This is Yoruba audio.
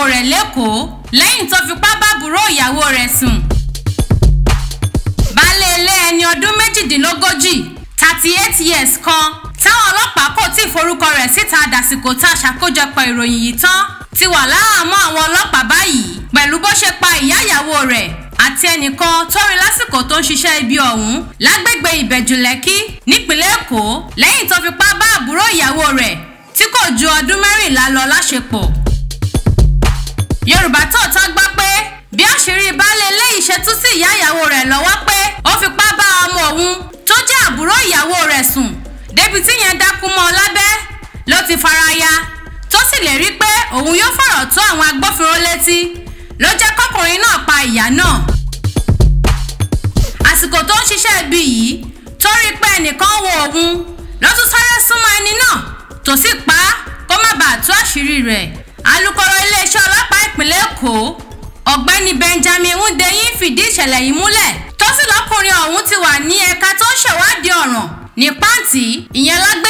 ìyàwó rẹ̀ lẹ́kọ̀ọ́ lẹ́yìn tó fipá bá àbúrò ìyàwó rẹ̀ sùn. baálé ilé ẹni ọdún méjìdínlógójì thirty eight years kan táwọn ọlọ́pàá kò tí ì forúkọ rẹ̀ síta dàsìkò tá a ṣàkójọpọ̀ ìròyìn yìí tán ti wà láhàámọ́ àwọn ọlọ́pàá báyìí pẹ̀lú bó ṣe pa ìyá ìyàwó rẹ̀ àti ẹnìkan tó rí lásìkò tó ń ṣiṣẹ́ ibi ọ̀hún lágbègbè ìbẹ̀jùlẹ́kí nípínlẹ̀ èkó lẹ́yìn tó fipá bá àbúrò ìyàwó rẹ̀ tí kò ju ọdún mẹ́rìnlá lọ láṣepọ̀. ró ìyàwó rẹ̀ sùn débi tí yẹn dákú mọ́ ọ lábẹ́ ló ti fara ya tó sì lè rí pé òun yóò fọ̀rọ̀ tó àwọn agbófinró létí ló jẹ́ kọ́kùnrin náà pa ìyá náà àsìkò tó ń ṣiṣẹ́ ibi yìí tó rí pé ẹnìkan wo òun ló tún sáré súnmọ́ ẹni náà tó sì pa á kó má bàa tú àṣírí rẹ̀ alukoro iléeṣẹ́ ọlọ́pàá ìpínlẹ̀ èkó ọ̀gbẹ́ni benjamin hundeyin fìdí ìṣẹ̀lẹ̀ yìí múlẹ̀ tó sì lọ́kùnrin ọ̀hún ti wà ní ẹ̀ka tó ń ṣèwọ́ ní pàǹtí ìyẹn lágbé